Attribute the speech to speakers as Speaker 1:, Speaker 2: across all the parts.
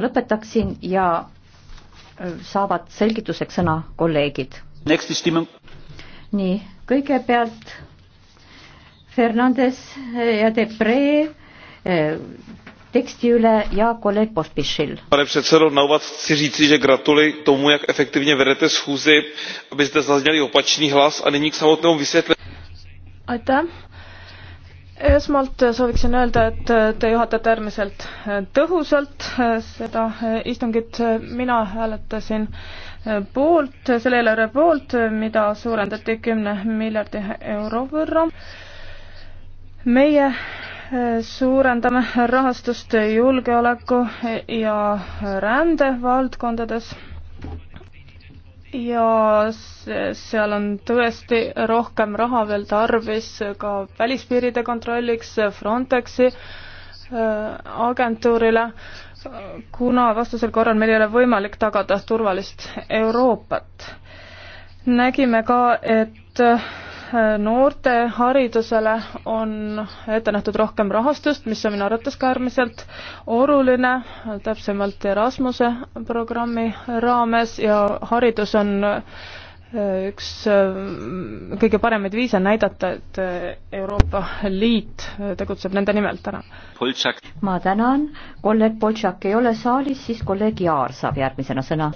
Speaker 1: lõpetaksin ja saavad selgituseks sõna kolleegid. nii, kõigepealt Fernandes e, ja Debre e, teksti üle ja kolleeg Pospišil.
Speaker 2: pane předsedo, na úvod chci říci, že gratuluji tomu, jak efektivně vedete schůzi, aby zde zazněli opačný hlas a nyní k samotnému vysvětlení. aitäh esmalt sooviksin öelda, et te juhatate äärmiselt tõhusalt seda istungit. mina hääletasin poolt, selle eelarve poolt, mida suurendati kümne miljardi euro võrra. meie suurendame rahastust julgeoleku ja rände valdkondades ja seal on tõesti rohkem raha veel tarvis ka välispiiride kontrolliks Frontexi äh, agentuurile, kuna vastasel korral meil ei ole võimalik tagada turvalist Euroopat. nägime ka, et noorte haridusele on ette nähtud rohkem rahastust, mis on minu arvates ka äärmiselt oluline, täpsemalt Erasmuse programmi raames ja haridus on äh, üks äh, kõige paremaid viise näidata, et äh, Euroopa Liit tegutseb nende nimel täna. ma tänan, kolleeg Boltšak ei ole saalis,
Speaker 1: siis kolleeg Jaar saab järgmisena sõna.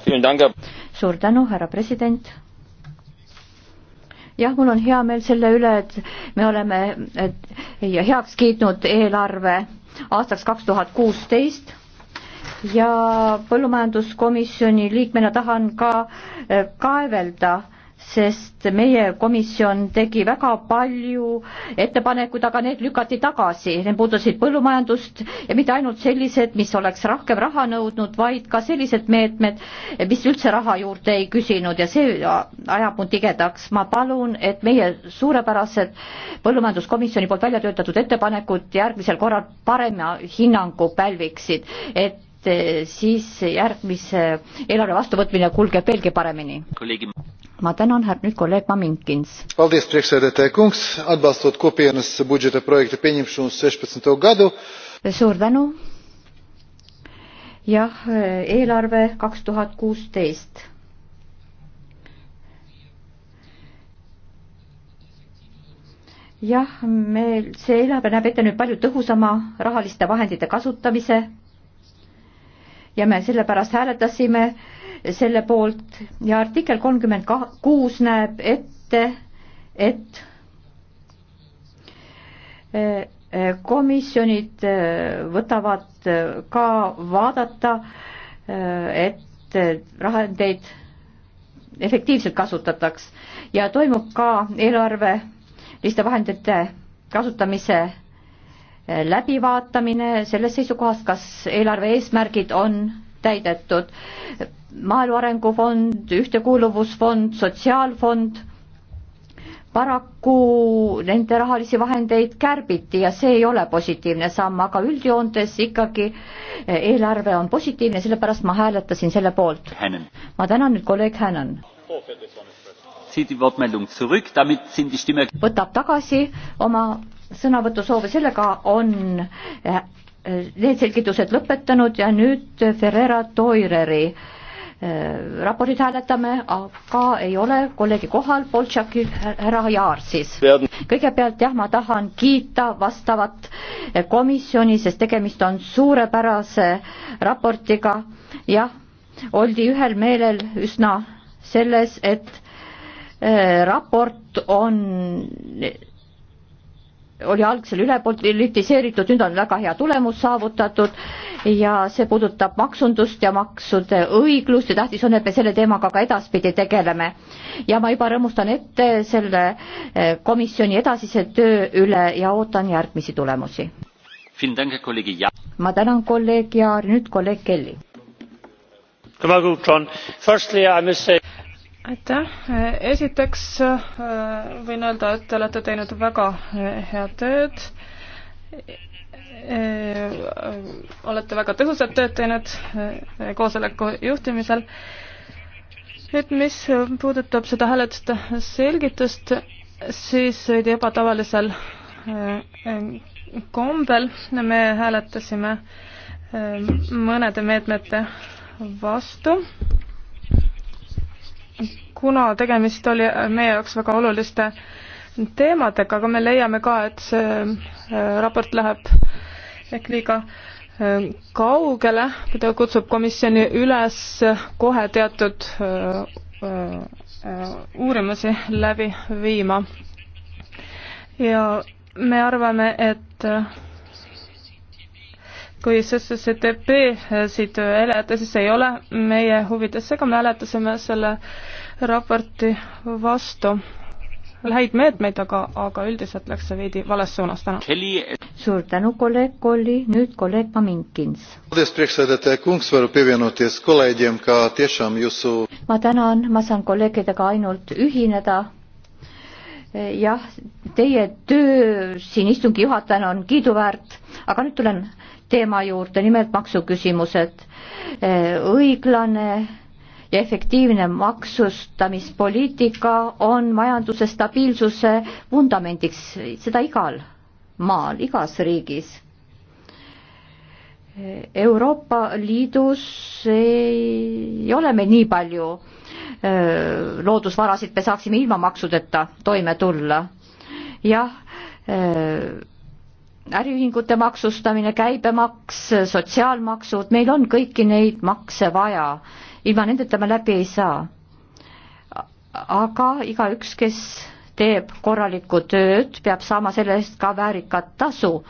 Speaker 1: suur tänu, härra president jah, mul on hea meel selle üle, et me oleme et, heaks kiitnud eelarve aastaks kaks tuhat kuusteist ja põllumajanduskomisjoni liikmena tahan ka eh, kaevelda sest meie komisjon tegi väga palju ettepanekuid, aga need lükati tagasi, need puudusid põllumajandust ja mitte ainult sellised, mis oleks rohkem raha nõudnud, vaid ka sellised meetmed, mis üldse raha juurde ei küsinud ja see ajab mu tigedaks. ma palun, et meie suurepärased põllumajanduskomisjoni poolt välja töötatud ettepanekud järgmisel korral parema hinnangu pälviksid, et eh, siis järgmise eelarve vastuvõtmine kulgeb veelgi paremini ma tänan nüüd kolleeg Maminkins. paldies, preksõdetaja kungs, atbalstot kopienas budžeta projekti penimšunus sešpetsentu gadu. suur tänu. jah, eelarve kaks tuhat kuusteist jah, meil see eelarve näeb ette nüüd palju tõhusama rahaliste vahendite kasutamise ja me sellepärast hääletasime selle poolt ja artikkel kolmkümmend kuus näeb ette, et e, e, komisjonid e, võtavad ka vaadata, et vahendeid efektiivselt kasutataks ja toimub ka eelarveliste vahendite kasutamise läbivaatamine sellest seisukohast, kas eelarve eesmärgid on täidetud. Maaelu Arengufond, Ühtekuuluvusfond, Sotsiaalfond. paraku nende rahalisi vahendeid kärbiti ja see ei ole positiivne samm, aga üldjoontes ikkagi eelarve on positiivne, sellepärast ma hääletasin selle poolt. ma tänan nüüd kolleeg Hännan. võtab tagasi oma sõnavõtusoove, sellega on äh, äh, need selgitused lõpetanud ja nüüd Ferreira Toireri Äh, raportit hääletame, aga ei ole kolleegi kohal, Boltšaki härra Jaar siis. kõigepealt jah, ma tahan kiita vastavat äh, komisjoni, sest tegemist on suurepärase raportiga, jah, oldi ühel meelel üsna selles, et äh, raport on oli algsel üle poolt litiseeritud, nüüd on väga hea tulemus saavutatud ja see puudutab maksundust ja maksude õiglust ja tähtis on, et me selle teemaga ka edaspidi tegeleme. ja ma juba rõõmustan ette selle eh, komisjoni edasise töö üle ja ootan järgmisi tulemusi. ma tänan kolleeg Jaar, nüüd kolleeg Kelly
Speaker 2: aitäh, esiteks äh, võin öelda, et te olete teinud väga äh, head tööd. Äh, olete väga tõhusat tööd teinud koosoleku juhtimisel. nüüd, mis puudutab seda hääletuste selgitust, siis veidi ebatavalisel kombel me hääletasime mõnede meetmete vastu kuna tegemist oli meie jaoks väga oluliste teemadega, aga me leiame ka, et see äh, raport läheb ehk liiga äh, kaugele, ta kutsub komisjoni üles kohe teatud äh, uurimusi läbi viima. ja me arvame, et kui CCCTB-sid hääletada, siis ei ole meie huvides, seega me hääletasime selle raporti vastu. häid meetmeid, aga, aga üldiselt läks see veidi vales suunas täna. suur tänu, kolleeg Kolli, nüüd kolleeg Paminkins.
Speaker 1: ma tänan, ma saan kolleegidega ainult ühineda jah, teie töö siin istungi juhatajana on kiiduväärt, aga nüüd tulen teema juurde, nimelt maksuküsimused. õiglane ja efektiivne maksustamispoliitika on majanduse stabiilsuse vundamendiks, seda igal maal, igas riigis. Euroopa Liidus ei ole meil nii palju loodusvarasid, me saaksime ilma maksudeta toime tulla. jah äriühingute maksustamine, käibemaks, sotsiaalmaksud, meil on kõiki neid makse vaja. ilma nendeta me läbi ei saa. aga igaüks, kes teeb korralikku tööd, peab saama selle eest ka väärikat tasu.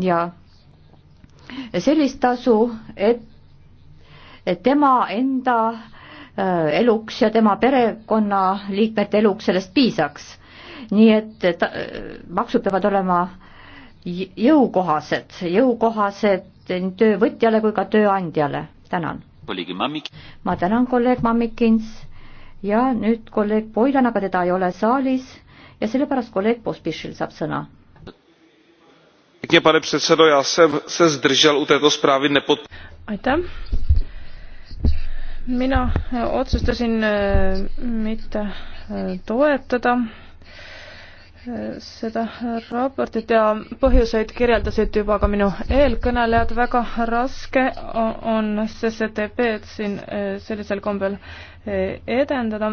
Speaker 1: ja sellist tasu, et, et tema enda äh, eluks ja tema perekonnaliikmete eluks sellest piisaks. nii et ta, äh, maksud peavad olema äh, jõukohased, jõukohased nii töövõtjale kui ka tööandjale. tänan. ma tänan kolleeg Mammikins ja nüüd kolleeg Boylan, aga teda ei ole saalis ja sellepärast kolleeg Pospišil saab sõna.
Speaker 2: aitäh mina otsustasin eh, mitte eh, toetada seda raportit ja põhjuseid kirjeldasid juba ka minu eelkõnelejad, väga raske on CCTV-d siin eh, sellisel kombel eh, edendada.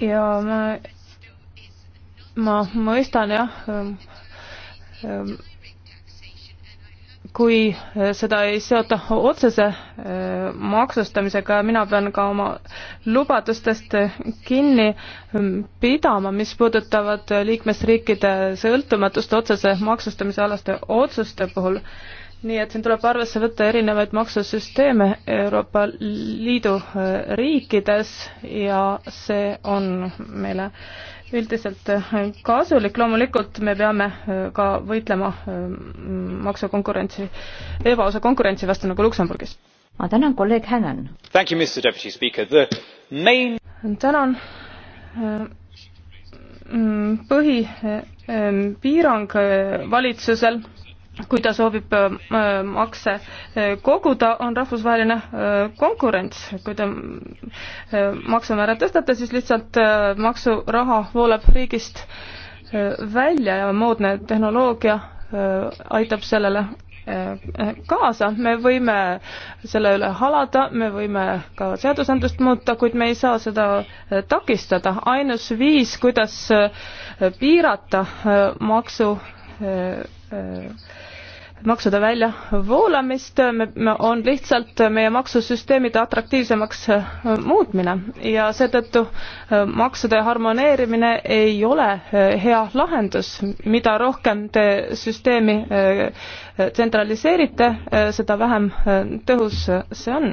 Speaker 2: ja ma, ma mõistan jah, eh, kui äh, seda ei seota otsese äh, maksustamisega, mina pean ka oma lubadustest äh, kinni ähm, pidama, mis puudutavad liikmesriikide sõltumatust otsese maksustamise alaste otsuste puhul nii et siin tuleb arvesse võtta erinevaid maksusüsteeme Euroopa Liidu äh, riikides ja see on meile üldiselt äh, kasulik, loomulikult me peame äh, ka võitlema maksukonkurentsi, ebaausa konkurentsi vastu nagu Luksemburgis. ma tänan, kolleeg Hänen. Main... tänan põhipiirang valitsusel kui ta soovib äh, äh, makse äh, koguda, on rahvusvaheline konkurents. kui te maksumäära tõstate, siis lihtsalt maksuraha voolab riigist välja ja moodne tehnoloogia aitab sellele kaasa, me võime selle üle halada, me võime ka seadusandlust muuta, kuid me ei saa seda takistada. ainus viis, kuidas piirata maksu maksude väljavoolamist, on lihtsalt meie maksusüsteemide atraktiivsemaks äh, muutmine ja seetõttu äh, maksude harmoneerimine ei ole äh, hea lahendus. mida rohkem te süsteemi tsentraliseerite, seda vähem tõhus see on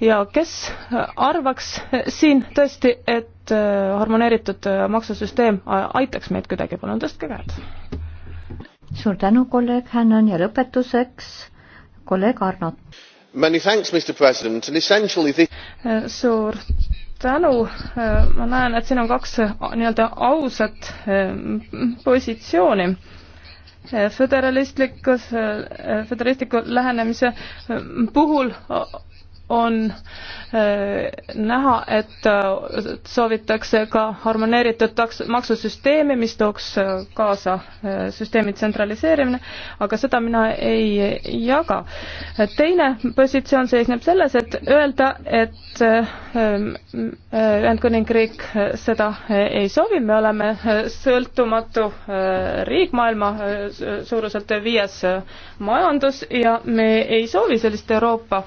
Speaker 2: ja kes arvaks siin tõesti, et harmoneeritud maksusüsteem aitaks meid kuidagi, palun tõstke käed
Speaker 1: suur tänu, kolleeg Hannon ja lõpetuseks kolleeg Arno.
Speaker 2: suur tänu, äh, ma näen, et siin on kaks äh, nii-öelda ausat äh, positsiooni. föderalistlikus, föderalistliku lähenemise puhul on äh, näha, et äh, soovitakse ka harmoneeritud taks-, maksusüsteemi, mis tooks äh, kaasa süsteemi tsentraliseerimine, aga seda mina ei jaga. teine positsioon seisneb selles, et öelda, et Ühendkuningriik seda ei soovi, me oleme sõltumatu riik, maailma suuruselt viies majandus ja me ei soovi sellist Euroopa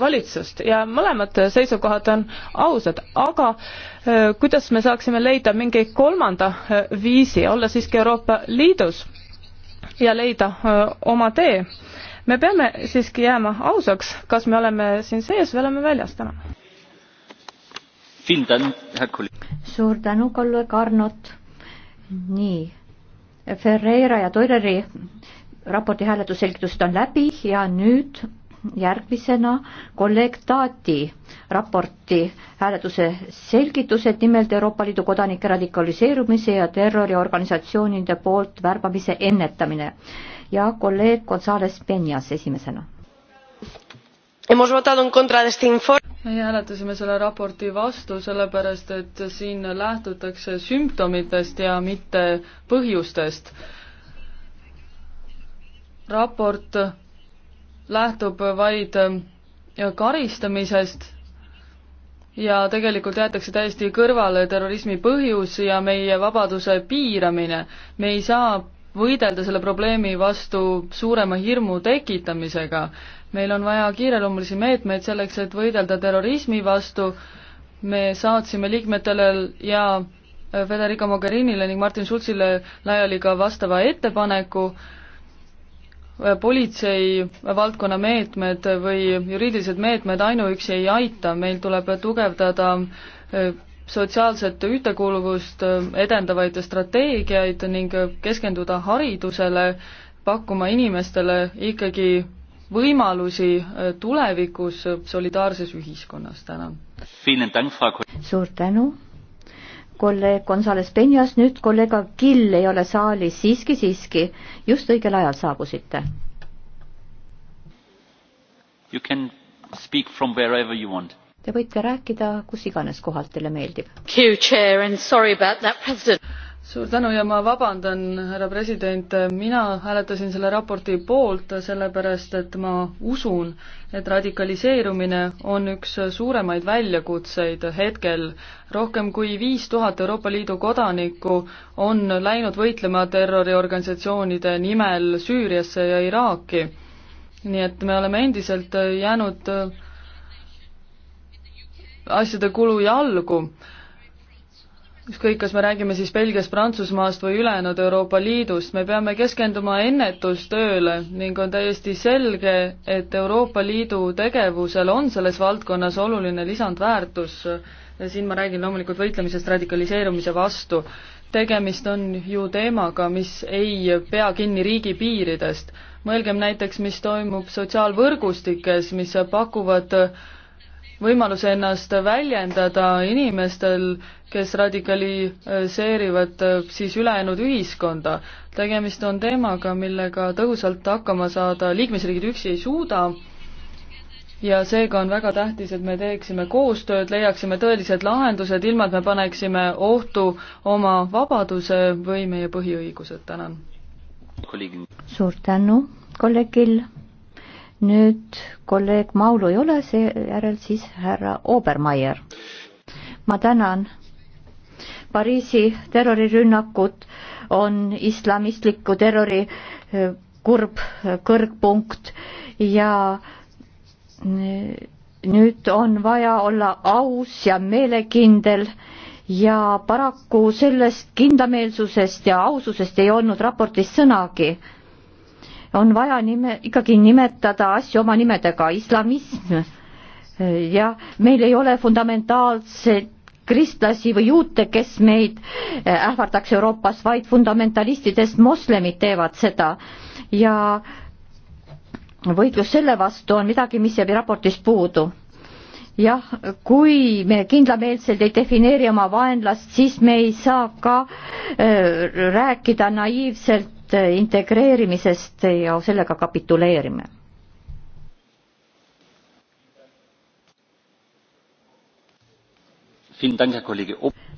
Speaker 2: valitsust, valitsust ja mõlemad seisukohad on ausad, aga äh, kuidas me saaksime leida mingi kolmanda äh, viisi, olla siiski Euroopa Liidus ja leida äh, oma tee? me peame siiski jääma ausaks, kas me oleme siin sees või oleme väljas täna.
Speaker 1: suur tänu, kolleeg Arnot. nii, Ferreira ja Toileri raporti hääletusselgitused on läbi ja nüüd järgmisena kolleeg Taati raporti hääletuse selgitused, nimelt Euroopa Liidu kodanike radikaliseerumise ja terroriorganisatsioonide poolt värbamise ennetamine ja kolleeg Gonzales Penjas esimesena.
Speaker 3: meie hääletasime selle raporti vastu, sellepärast et siin lähtutakse sümptomitest ja mitte põhjustest. raport lähtub vaid äh, karistamisest ja tegelikult jäetakse täiesti kõrvale terrorismi põhjus ja meie vabaduse piiramine. me ei saa võidelda selle probleemi vastu suurema hirmu tekitamisega. meil on vaja kiireloomulisi meetmeid selleks, et võidelda terrorismi vastu. me saatsime liikmetele ja äh, Federica Mogherinile ning Martin Schulzile laiali ka vastava ettepaneku äh, politsei valdkonna meetmed või juriidilised meetmed ainuüksi ei aita, meil tuleb tugevdada äh, sotsiaalset ühtekuuluvust äh, edendavaid strateegiaid ning keskenduda haridusele, pakkuma inimestele ikkagi võimalusi äh, tulevikus solidaarses ühiskonnas, tänan.
Speaker 1: suur tänu kolleeg Gonzales Penjas, nüüd kolleeg Kill ei ole saalis, siiski, siiski, just õigel ajal saabusite. Te võite rääkida kus iganes kohalt teile meeldib
Speaker 3: suur tänu ja ma vabandan, härra president, mina hääletasin selle raporti poolt, sellepärast et ma usun, et radikaliseerumine on üks suuremaid väljakutseid hetkel. rohkem kui viis tuhat Euroopa Liidu kodanikku on läinud võitlema terroriorganisatsioonide nimel Süüriasse ja Iraaki. nii et me oleme endiselt jäänud asjade kulu jalgu ja ükskõik, kas me räägime siis Belgiast, Prantsusmaast või ülejäänud Euroopa Liidust, me peame keskenduma ennetustööle ning on täiesti selge, et Euroopa Liidu tegevusel on selles valdkonnas oluline lisandväärtus. siin ma räägin loomulikult võitlemisest radikaliseerumise vastu. tegemist on ju teemaga, mis ei pea kinni riigipiiridest. mõelgem näiteks, mis toimub sotsiaalvõrgustikes, mis pakuvad äh, võimaluse ennast väljendada inimestel, kes radikaliseerivad äh, siis ülejäänud ühiskonda. tegemist on teemaga, millega tõhusalt hakkama saada liikmesriigid üksi ei suuda ja seega on väga tähtis, et me teeksime koostööd, leiaksime tõelised lahendused, ilma et me paneksime ohtu oma vabaduse või meie põhiõigused, tänan.
Speaker 1: suur tänu kolleegil nüüd kolleeg Maulu ei ole, seejärel siis härra Obermeier. ma tänan. Pariisi terrorirünnakud on islamistliku terrori eh, kurb eh, kõrgpunkt ja eh, nüüd on vaja olla aus ja meelekindel ja paraku sellest kindlameelsusest ja aususest ei olnud raportis sõnagi on vaja nime, ikkagi nimetada asju oma nimedega, islamism. ja meil ei ole fundamentaalset kristlasi või juute, kes meid eh, ähvardaks Euroopas, vaid fundamentalistidest moslemid teevad seda ja võitlus selle vastu on midagi, mis jääb raportist puudu. jah, kui me kindlameelselt ei defineeri oma vaenlast, siis me ei saa ka äh, rääkida naiivselt integreerimisest ja sellega kapituleerime.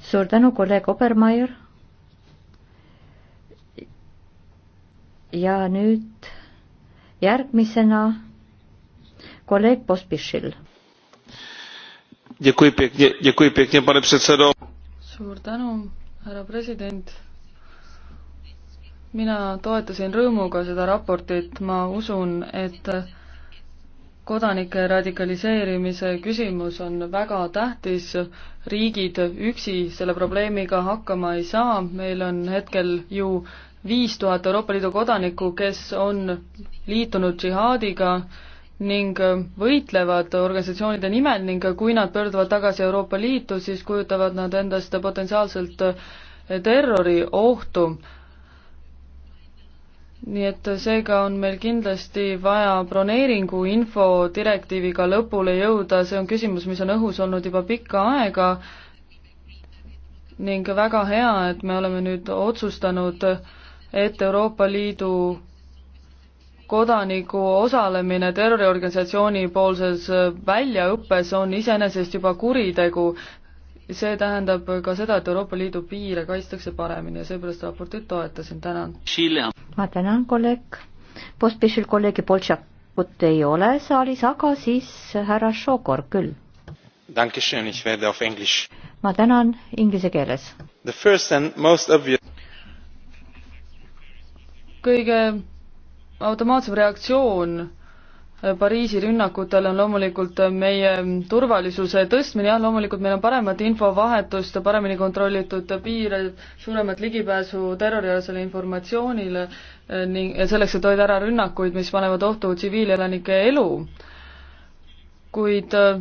Speaker 1: suur tänu, kolleeg Obermeier. ja nüüd järgmisena kolleeg
Speaker 3: Pospišil.
Speaker 2: pane předsedo.
Speaker 3: suur tänu, härra president mina toetasin rõõmuga seda raportit, ma usun, et kodanike radikaliseerimise küsimus on väga tähtis, riigid üksi selle probleemiga hakkama ei saa, meil on hetkel ju viis tuhat Euroopa Liidu kodanikku, kes on liitunud džihaadiga ning võitlevad organisatsioonide nimel ning kui nad pöörduvad tagasi Euroopa Liitu, siis kujutavad nad endast potentsiaalselt terroriohtu nii et seega on meil kindlasti vaja broneeringu infodirektiiviga lõpule jõuda, see on küsimus, mis on õhus olnud juba pikka aega ning väga hea, et me oleme nüüd otsustanud, et Euroopa Liidu kodaniku osalemine terroriorganisatsiooni poolses väljaõppes on iseenesest juba kuritegu see tähendab ka seda, et Euroopa Liidu piire kaitstakse paremini ja seepärast raportit toetasin, tänan. ma
Speaker 1: tänan, kolleeg. postpishil kolleegi Boltšakut ei ole saalis, aga siis härra Šokor küll. ma tänan
Speaker 3: inglise keeles. kõige automaatsem reaktsioon Pariisi rünnakutel on loomulikult meie turvalisuse tõstmine, jah, loomulikult meil on paremat infovahetust, paremini kontrollitud piire, suuremat ligipääsu terrorialasele informatsioonile eh, ning selleks, et hoida ära rünnakuid, mis panevad ohtu tsiviilelanike elu. kuid eh,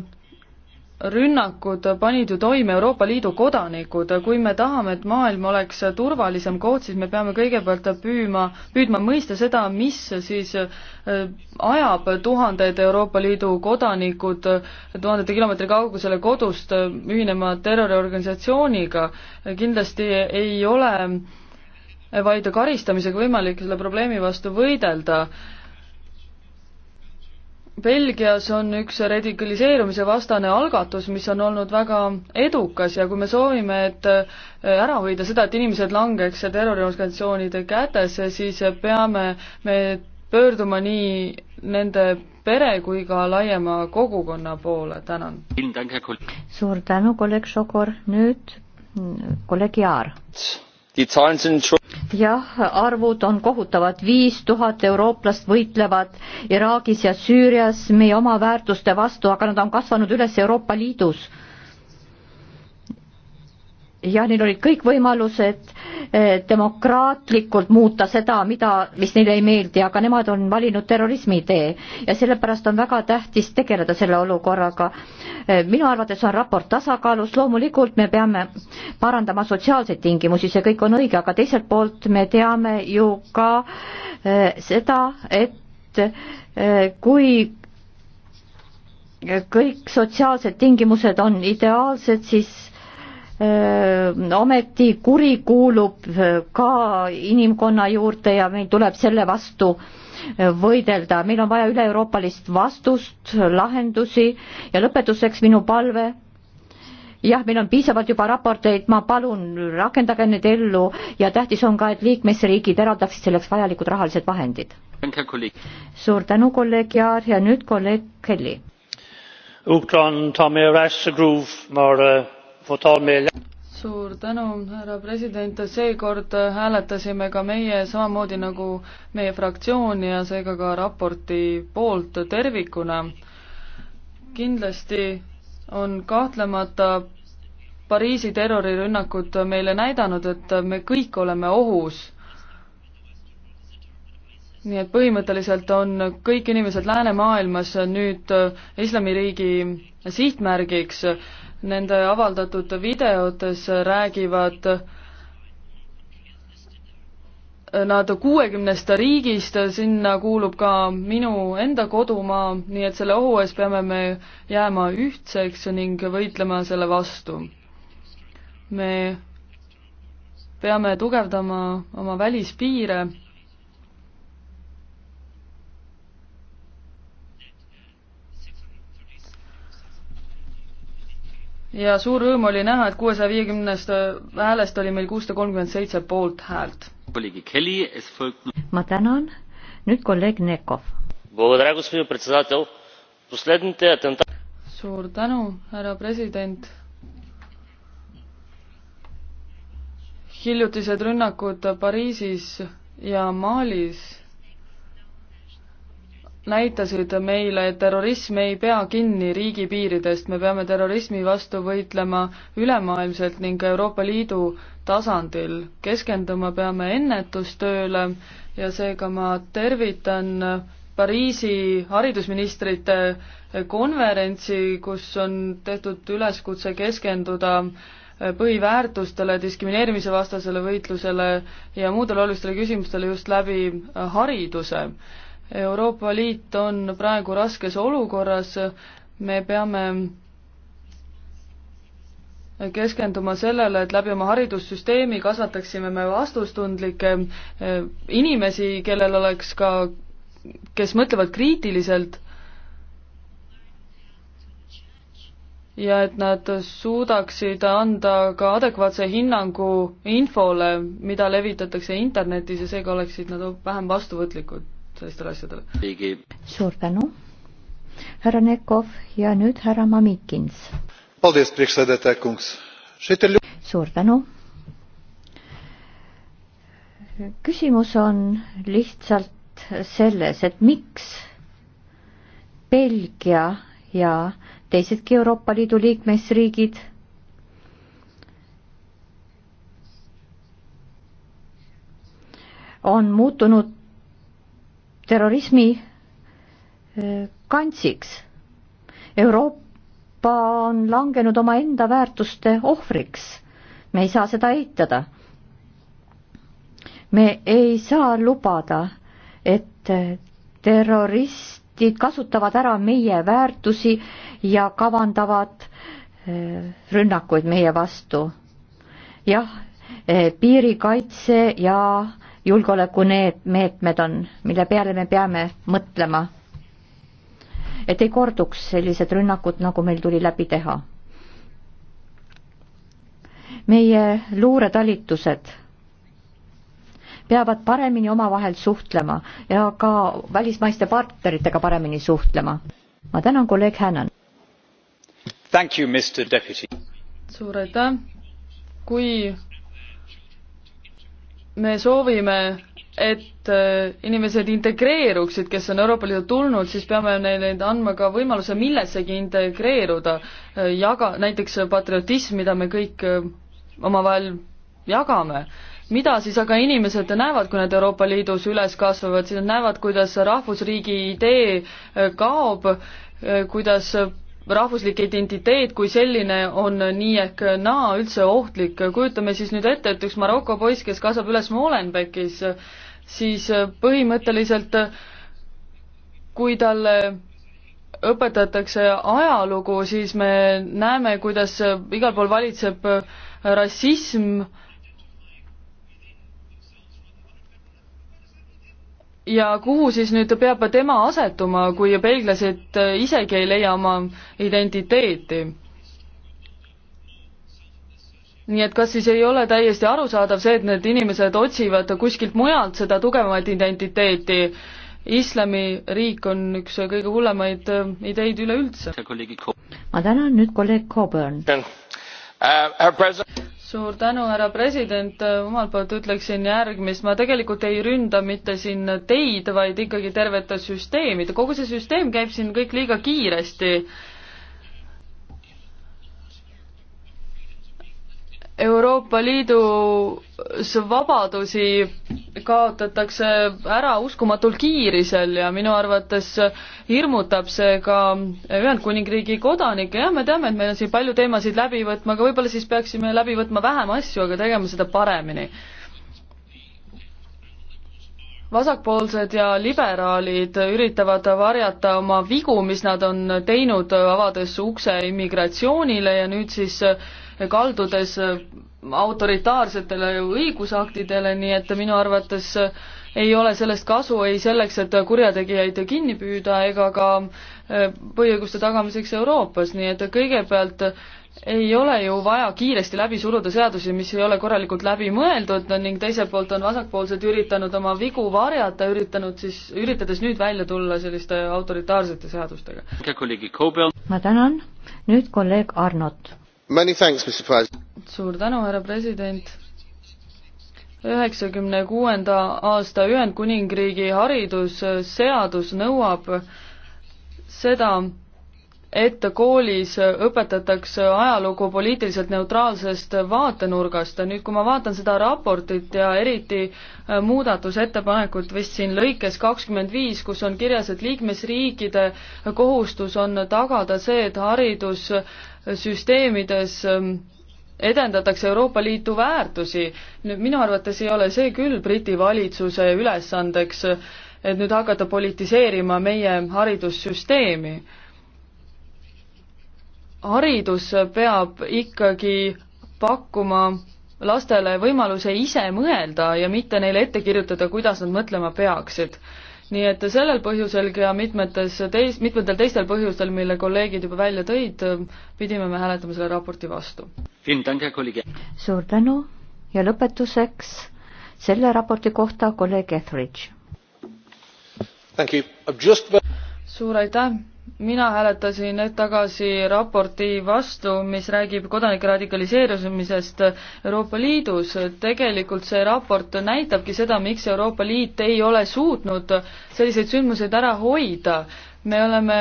Speaker 3: rünnakud panid ju toime Euroopa Liidu kodanikud, kui me tahame, et maailm oleks turvalisem koht, siis me peame kõigepealt püüma, püüdma mõista seda, mis siis äh, ajab tuhanded Euroopa Liidu kodanikud äh, tuhandete kilomeetri kaugusele kodust äh, ühinema terroriorganisatsiooniga. kindlasti ei ole vaid karistamisega võimalik selle probleemi vastu võidelda Belgias on üks radikaliseerumise vastane algatus, mis on olnud väga edukas ja kui me soovime, et äh, ära hoida seda, et inimesed langeks terroriorganisatsioonide kätesse, siis peame me pöörduma nii nende pere kui ka laiema kogukonna poole, tänan.
Speaker 1: suur tänu, kolleeg Šokor, nüüd kolleeg Jaar jah, arvud on kohutavad, viis tuhat eurooplast võitlevad Iraagis ja Süürias meie oma väärtuste vastu, aga nad on kasvanud üles Euroopa Liidus ja neil olid kõik võimalused eh, demokraatlikult muuta seda, mida, mis neile ei meeldi, aga nemad on valinud terrorismi tee ja sellepärast on väga tähtis tegeleda selle olukorraga. Eh, minu arvates on raport tasakaalus, loomulikult me peame parandama sotsiaalseid tingimusi, see kõik on õige, aga teiselt poolt me teame ju ka eh, seda, et kui kõik sotsiaalsed tingimused on ideaalsed, siis Äh, ometi kuri kuulub äh, ka inimkonna juurde ja meil tuleb selle vastu äh, võidelda. meil on vaja üle-euroopalist vastust, lahendusi ja lõpetuseks minu palve. jah, meil on piisavalt juba raporteid, ma palun, rakendage need ellu ja tähtis on ka, et liikmesriigid eraldaksid selleks vajalikud rahalised vahendid. suur tänu, kolleeg Jaar ja nüüd kolleeg Kelly. Ukraina, Tommy Rash, Groove, Mare
Speaker 3: suur tänu, härra president, seekord hääletasime ka meie samamoodi nagu meie fraktsioon ja seega ka raporti poolt tervikuna. kindlasti on kahtlemata Pariisi terrorirünnakud meile näidanud, et me kõik oleme ohus nii et põhimõtteliselt on kõik inimesed läänemaailmas nüüd islamiriigi sihtmärgiks Nende avaldatud videotes räägivad nad kuuekümnest riigist, sinna kuulub ka minu enda kodumaa, nii et selle ohu ees peame me jääma ühtseks ning võitlema selle vastu. me peame tugevdama oma välispiire ja suur rõõm oli näha, et kuuesaja viiekümnest äh, häälest oli meil kuussada kolmkümmend seitse poolthäält. ma tänan, nüüd kolleeg Nekov. suur tänu, härra president. hiljutised rünnakud Pariisis ja Malis näitasid meile, et terrorism ei pea kinni riigipiiridest, me peame terrorismi vastu võitlema ülemaailmselt ning Euroopa Liidu tasandil. keskenduma peame ennetustööle ja seega ma tervitan Pariisi haridusministrite konverentsi, kus on tehtud üleskutse keskenduda põhiväärtustele, diskrimineerimise vastasele võitlusele ja muudele olulistele küsimustele just läbi hariduse Euroopa Liit on praegu raskes olukorras, me peame keskenduma sellele, et läbi oma haridussüsteemi kasvataksime me vastustundlikke eh, inimesi, kellel oleks ka, kes mõtlevad kriitiliselt ja et nad suudaksid anda ka adekvaatse hinnangu infole, mida levitatakse internetis ja seega oleksid nad vähem vastuvõtlikud sellistele asjadele.
Speaker 1: suur tänu, härra Nekov ja nüüd härra Mamikins. suur tänu. küsimus on lihtsalt selles, et miks Belgia ja teisedki Euroopa Liidu liikmesriigid on muutunud terrorismi eh, kantsiks. Euroopa on langenud omaenda väärtuste ohvriks. me ei saa seda eitada. me ei saa lubada, et terroristid kasutavad ära meie väärtusi ja kavandavad eh, rünnakuid meie vastu. jah, eh, piirikaitse ja julgeolekumeetmed on, mille peale me peame mõtlema, et ei korduks sellised rünnakud, nagu meil tuli läbi teha. meie luuretalitused peavad paremini omavahel suhtlema ja ka välismaiste partneritega paremini suhtlema. ma tänan kolleeg Hännan.
Speaker 3: suur aitäh, kui me soovime, et äh, inimesed integreeruksid, kes on Euroopa Liidu tulnud, siis peame neile andma ka võimaluse millessegi integreeruda, äh, jaga, näiteks patriotism, mida me kõik äh, omavahel jagame. mida siis aga inimesed näevad, kui nad Euroopa Liidus üles kasvavad, siis nad näevad, kuidas rahvusriigi idee kaob, kuidas rahvuslik identiteet kui selline on nii ehk naa üldse ohtlik. kujutame siis nüüd ette, et üks Maroko poiss, kes kasvab üles Molenbeekis, siis põhimõtteliselt kui talle õpetatakse ajalugu, siis me näeme, kuidas igal pool valitseb rassism ja kuhu siis nüüd peab tema asetuma, kui belglased isegi ei leia oma identiteeti? nii et kas siis ei ole täiesti arusaadav see, et need inimesed otsivad kuskilt mujalt seda tugevamat identiteeti? islamiriik on üks kõige hullemaid äh, ideid üleüldse.
Speaker 1: ma tänan nüüd kolleeg Coburn.
Speaker 3: Äh, suur tänu, härra president, omalt poolt ütleksin järgmist, ma tegelikult ei ründa mitte siin teid, vaid ikkagi tervet süsteemi, kogu see süsteem käib siin kõik liiga kiiresti Euroopa Liidus vabadusi kaotatakse ära uskumatul kiirisel ja minu arvates hirmutab see ka Ühendkuningriigi kodanikke, jah, me teame, et meil on siin palju teemasid läbi võtma, aga võib-olla siis peaksime läbi võtma vähem asju, aga tegema seda paremini. vasakpoolsed ja liberaalid üritavad varjata oma vigu, mis nad on teinud, avades ukse immigratsioonile ja nüüd siis äh, kaldudes autoritaarsetele õigusaktidele, nii et minu arvates ei ole sellest kasu ei selleks, et kurjategijaid kinni püüda ega ka eh, põhiõiguste tagamiseks Euroopas, nii et kõigepealt ei ole ju vaja kiiresti läbi suruda seadusi, mis ei ole korralikult läbi mõeldud ning teiselt poolt on vasakpoolsed üritanud oma vigu varjata, üritanud siis, üritades nüüd välja tulla selliste autoritaarsete seadustega. ma tänan, nüüd kolleeg Arnot suur tänu, härra president üheksakümne kuuenda aasta Ühendkuningriigi haridusseadus nõuab seda, et koolis õpetatakse ajalugu poliitiliselt neutraalsest vaatenurgast. nüüd, kui ma vaatan seda raportit ja eriti äh, muudatusettepanekut vist siin lõikes kakskümmend viis, kus on kirjas, et liikmesriikide kohustus on tagada see, et haridus süsteemides ähm, edendatakse Euroopa Liidu väärtusi. nüüd minu arvates ei ole see küll Briti valitsuse ülesandeks, et nüüd hakata politiseerima meie haridussüsteemi. haridus peab ikkagi pakkuma lastele võimaluse ise mõelda ja mitte neile ette kirjutada, kuidas nad mõtlema peaksid nii et sellel põhjuselgi ja mitmetes teis-, mitmetel teistel põhjustel, mille kolleegid juba välja tõid, pidime me hääletama selle raporti vastu. suur
Speaker 1: tänu ja lõpetuseks selle raporti kohta kolleeg Etheridge.
Speaker 2: Just
Speaker 3: suur aitäh, mina hääletasin hetk tagasi raporti vastu, mis räägib kodanike radikaliseerumisest Euroopa Liidus. tegelikult see raport näitabki seda, miks Euroopa Liit ei ole suutnud selliseid sündmuseid ära hoida. me oleme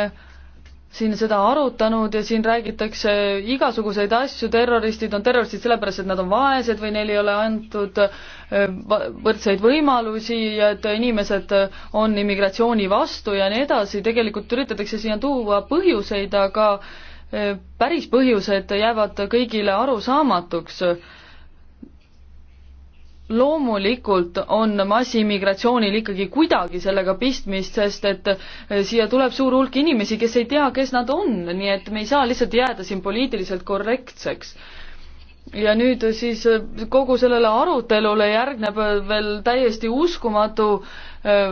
Speaker 3: siin seda arutanud ja siin räägitakse igasuguseid asju, terroristid on terroristid sellepärast, et nad on vaesed või neil ei ole antud äh, võrdseid võimalusi ja et inimesed äh, on immigratsiooni vastu ja nii edasi, tegelikult üritatakse siia tuua põhjuseid, aga äh, päris põhjused jäävad kõigile arusaamatuks loomulikult on massiimmigratsioonil ikkagi kuidagi sellega pistmist, sest et eh, siia tuleb suur hulk inimesi, kes ei tea, kes nad on, nii et me ei saa lihtsalt jääda siin poliitiliselt korrektseks. ja nüüd siis eh, kogu sellele arutelule järgneb eh, veel täiesti uskumatu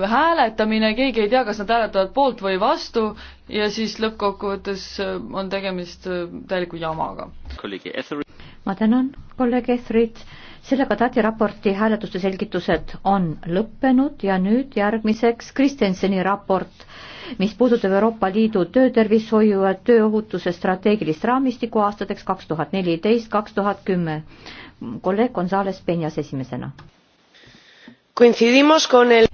Speaker 3: hääletamine, keegi ei tea, kas nad hääletavad poolt või vastu ja siis lõppkokkuvõttes on tegemist täieliku jamaga.
Speaker 1: ma tänan, kolleeg Etherit sellega TATi raporti hääletuste selgitused on lõppenud ja nüüd järgmiseks Kristenseni raport, mis puudutab Euroopa Liidu töötervishoiu ja tööohutuse strateegilist raamistikku aastateks kaks tuhat neliteist, kaks tuhat kümme. kolleeg Gonzales Penjas esimesena. El...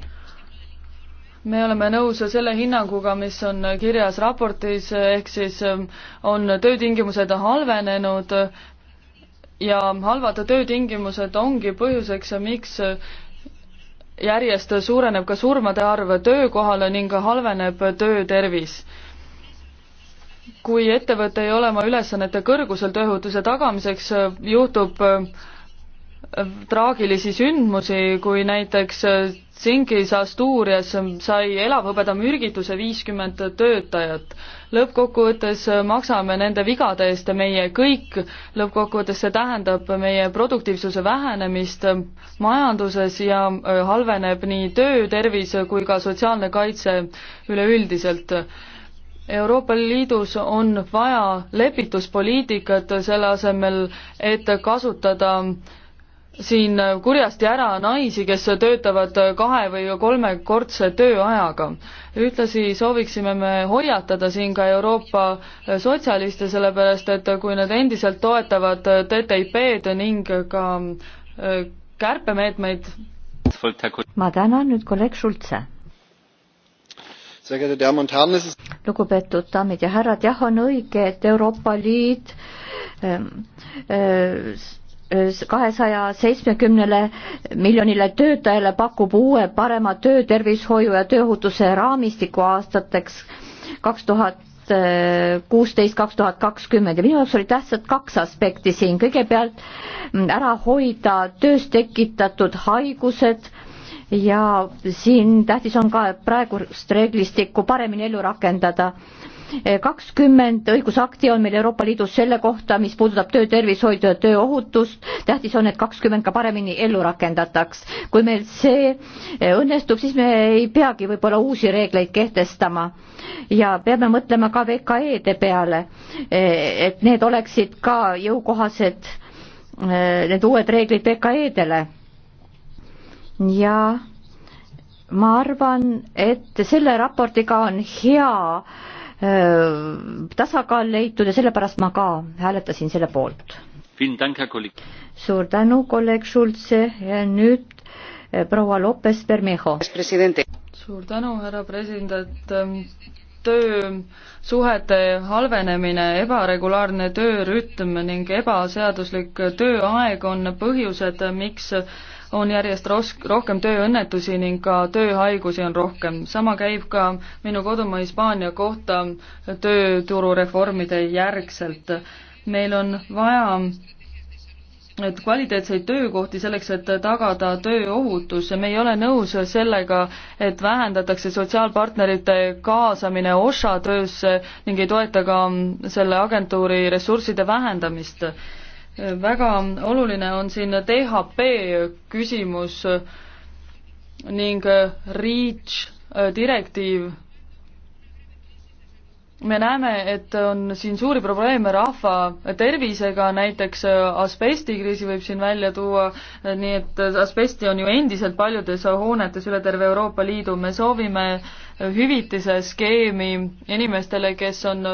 Speaker 3: me oleme nõus selle hinnanguga, mis on kirjas raportis, ehk siis ähm, on töötingimused halvenenud, ja halvad töötingimused ongi põhjuseks, miks järjest suureneb ka surmade arv töökohal ning halveneb töötervis kui ettevõte ei ole oma ülesannete kõrgusel tööohutuse tagamiseks, juhtub traagilisi sündmusi, kui näiteks Tsingis Asturias sai elavhõbeda mürgituse viiskümmend töötajat. lõppkokkuvõttes maksame nende vigade eest meie kõik, lõppkokkuvõttes see tähendab meie produktiivsuse vähenemist majanduses ja äh, halveneb nii töötervis kui ka sotsiaalne kaitse üleüldiselt Euroopa Liidus on vaja lepituspoliitikat selle asemel, et kasutada äh, siin kurjasti ära naisi, kes töötavad kahe või kolmekordse tööajaga. ühtlasi sooviksime me hoiatada siin ka Euroopa sotsialiste, sellepärast et kui nad endiselt toetavad TTIP-d ning ka äh, kärpemeetmeid.
Speaker 1: ma tänan nüüd kolleeg Schultze. lugupeetud daamid ja härrad, jah, on õige, et Euroopa Liit ähm, äh, kahesaja seitsmekümnele miljonile töötajale pakub uue parema töötervishoiu ja tööohutuse raamistiku aastateks kaks tuhat kuusteist, kaks tuhat kakskümmend ja minu jaoks olid tähtsad kaks aspekti siin, kõigepealt mm, ära hoida töös tekitatud haigused ja siin tähtis on ka praegust reeglistikku paremini ellu rakendada kakskümmend õigusakti on meil Euroopa Liidus selle kohta, mis puudutab töötervishoidu ja tööohutust. tähtis on, et kakskümmend ka paremini ellu rakendataks. kui meil see eh, õnnestub, siis me ei peagi võib-olla uusi reegleid kehtestama ja peame mõtlema ka VKE-de peale, eh, et need oleksid ka jõukohased, eh, need uued reeglid VKE-dele. ja ma arvan, et selle raportiga on hea Äh, tasakaal leitud ja sellepärast ma ka hääletasin selle poolt. suur tänu, kolleeg Schulze ja nüüd äh, proua Lopes Bermejo.
Speaker 3: suur tänu, härra president ähm, töösuhete halvenemine, ebaregulaarne töörütm ning ebaseaduslik tööaeg on põhjused, miks on järjest ros-, rohkem tööõnnetusi ning ka tööhaigusi on rohkem. sama käib ka minu kodumaa Hispaania kohta tööturureformide järgselt. meil on vaja et kvaliteetseid töökohti selleks, et tagada tööohutus ja me ei ole nõus sellega, et vähendatakse sotsiaalpartnerite kaasamine OSHA töösse ning ei toeta ka selle agentuuri ressursside vähendamist väga oluline on siin DHP küsimus ning REACH direktiiv. me näeme, et on siin suuri probleeme rahva tervisega, näiteks asbestikriisi võib siin välja tuua, nii et asbesti on ju endiselt paljudes hoonetes üle terve Euroopa Liidu, me soovime hüvitise skeemi inimestele, kes on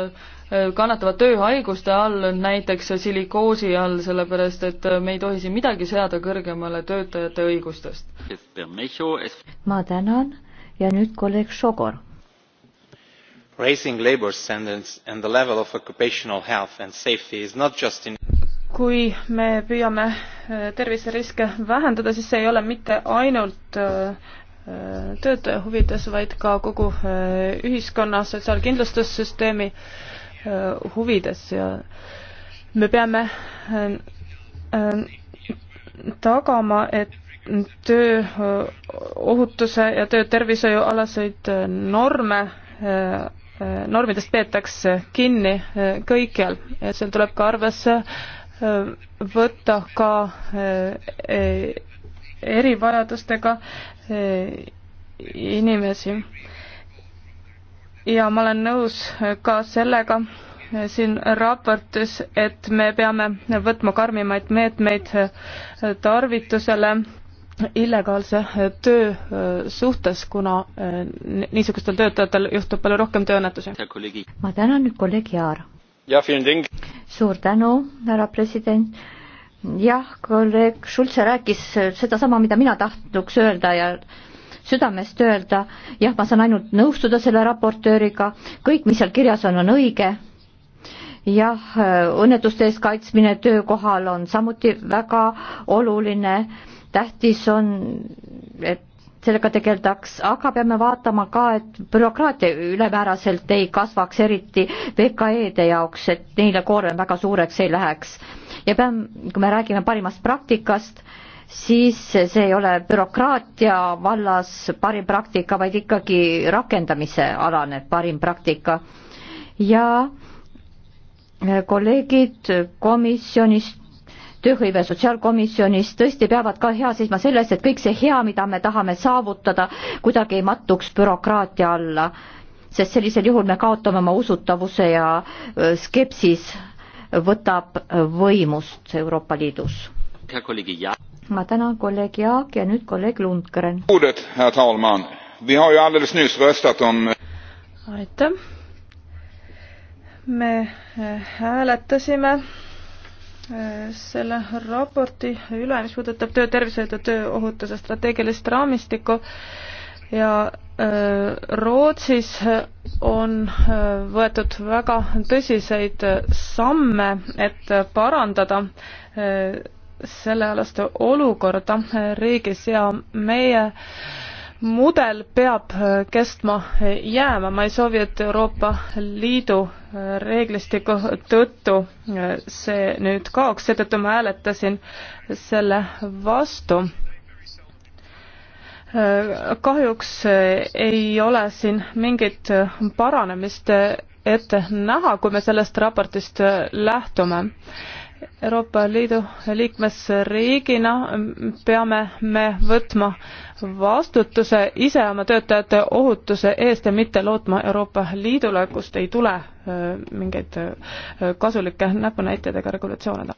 Speaker 3: kannatavad tööhaiguste all, näiteks silikoosi all, sellepärast et me ei tohi siin midagi seada kõrgemale töötajate õigustest. ma tänan ja nüüd kolleeg Šogor.
Speaker 2: Raising labor standards and the level of occupational health and safety is not just in kui me püüame äh, terviseriske vähendada, siis see ei ole mitte ainult äh, äh, töötaja huvides, vaid ka kogu ühiskonna sotsiaalkindlustussüsteemi äh, Äh, huvides ja me peame äh, tagama, et tööohutuse äh, ja töötervishoiualaseid norme, normidest peetakse kinni kõikjal ja seal tuleb ka arvesse võtta ka e-, erivajadustega inimesi ja ma olen nõus ka sellega siin raportis, et me peame võtma karmimaid meetmeid tarvitusele illegaalse töö suhtes, kuna eh, niisugustel töötajatel juhtub palju rohkem tööõnnetusi.
Speaker 1: ma tänan nüüd kolleeg Jaar. suur tänu, härra president. jah, kolleeg Schulze rääkis sedasama, mida mina tahtnuks öelda ja südamest öelda, jah, ma saan ainult nõustuda selle raportööriga, kõik, mis seal kirjas on, on õige, jah, õnnetuste eest kaitsmine töökohal on samuti väga oluline, tähtis on, et sellega tegeldaks, aga peame vaatama ka, et bürokraatia ülemääraselt ei kasvaks, eriti VKE-de jaoks, et neile koorem väga suureks ei läheks. ja peame, kui me räägime parimast praktikast, siis see ei ole bürokraatia vallas parim praktika, vaid ikkagi rakendamise alane parim praktika. ja äh, kolleegid komisjonist, tööhõive sotsiaalkomisjonis tõesti peavad ka hea seisma selle eest, et kõik see hea, mida me tahame saavutada, kuidagi ei mattuks bürokraatia alla. sest sellisel juhul me kaotame oma usutavuse ja äh, skepsis võtab äh, võimust Euroopa Liidus ma tänan kolleeg Jaak ja nüüd kolleeg Lundgren.
Speaker 2: aitäh. me eh, hääletasime eh, selle raporti üle, mis puudutab töötervishoidu, tööohutuse strateegilist raamistikku ja eh, Rootsis on võetud väga tõsiseid samme, et parandada sellealast olukorda riigis ja meie mudel peab kestma jääma, ma ei soovi, et Euroopa Liidu reeglistiku tõttu see nüüd kaoks, seetõttu ma hääletasin selle vastu kahjuks ei ole siin mingit paranemist ette näha, kui me sellest raportist lähtume. Euroopa Liidu liikmesriigina peame me võtma vastutuse ise oma töötajate ohutuse eest ja mitte lootma Euroopa Liidule, kust ei tule mingeid kasulikke näpunäitedega regulatsioone.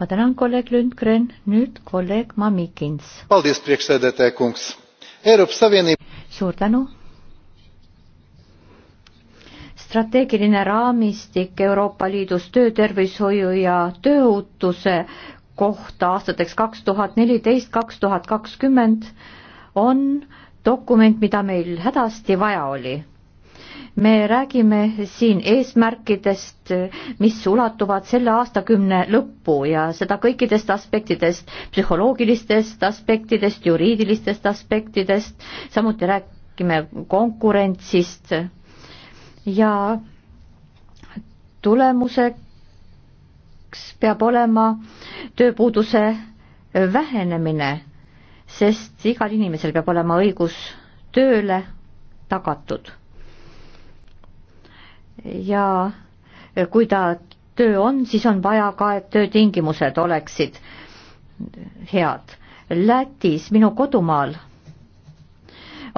Speaker 1: ma tänan kolleeg Lundgren, nüüd kolleeg Mamikins. suur tänu strateegiline raamistik Euroopa Liidus töötervishoiu ja tööohutuse kohta aastateks kaks tuhat neliteist, kaks tuhat kakskümmend on dokument, mida meil hädasti vaja oli. me räägime siin eesmärkidest, mis ulatuvad selle aastakümne lõppu ja seda kõikidest aspektidest, psühholoogilistest aspektidest, juriidilistest aspektidest, samuti räägime konkurentsist ja tulemuseks peab olema tööpuuduse vähenemine, sest igal inimesel peab olema õigus tööle tagatud. ja kui ta töö on, siis on vaja ka, et töötingimused oleksid head. Lätis, minu kodumaal,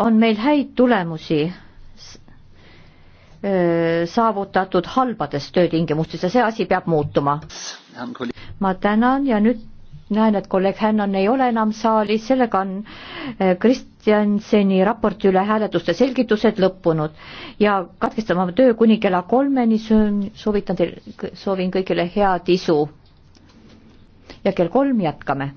Speaker 1: on meil häid tulemusi Äh, saavutatud halbades töötingimustes ja see asi peab muutuma. ma tänan ja nüüd näen, et kolleeg Hännon ei ole enam saalis, sellega on äh, Kristjanseni raporti üle hääletuste selgitused lõppunud ja katkestame oma töö kuni kella kolmeni, soovitan teil, soovin kõigile head isu. ja kell kolm jätkame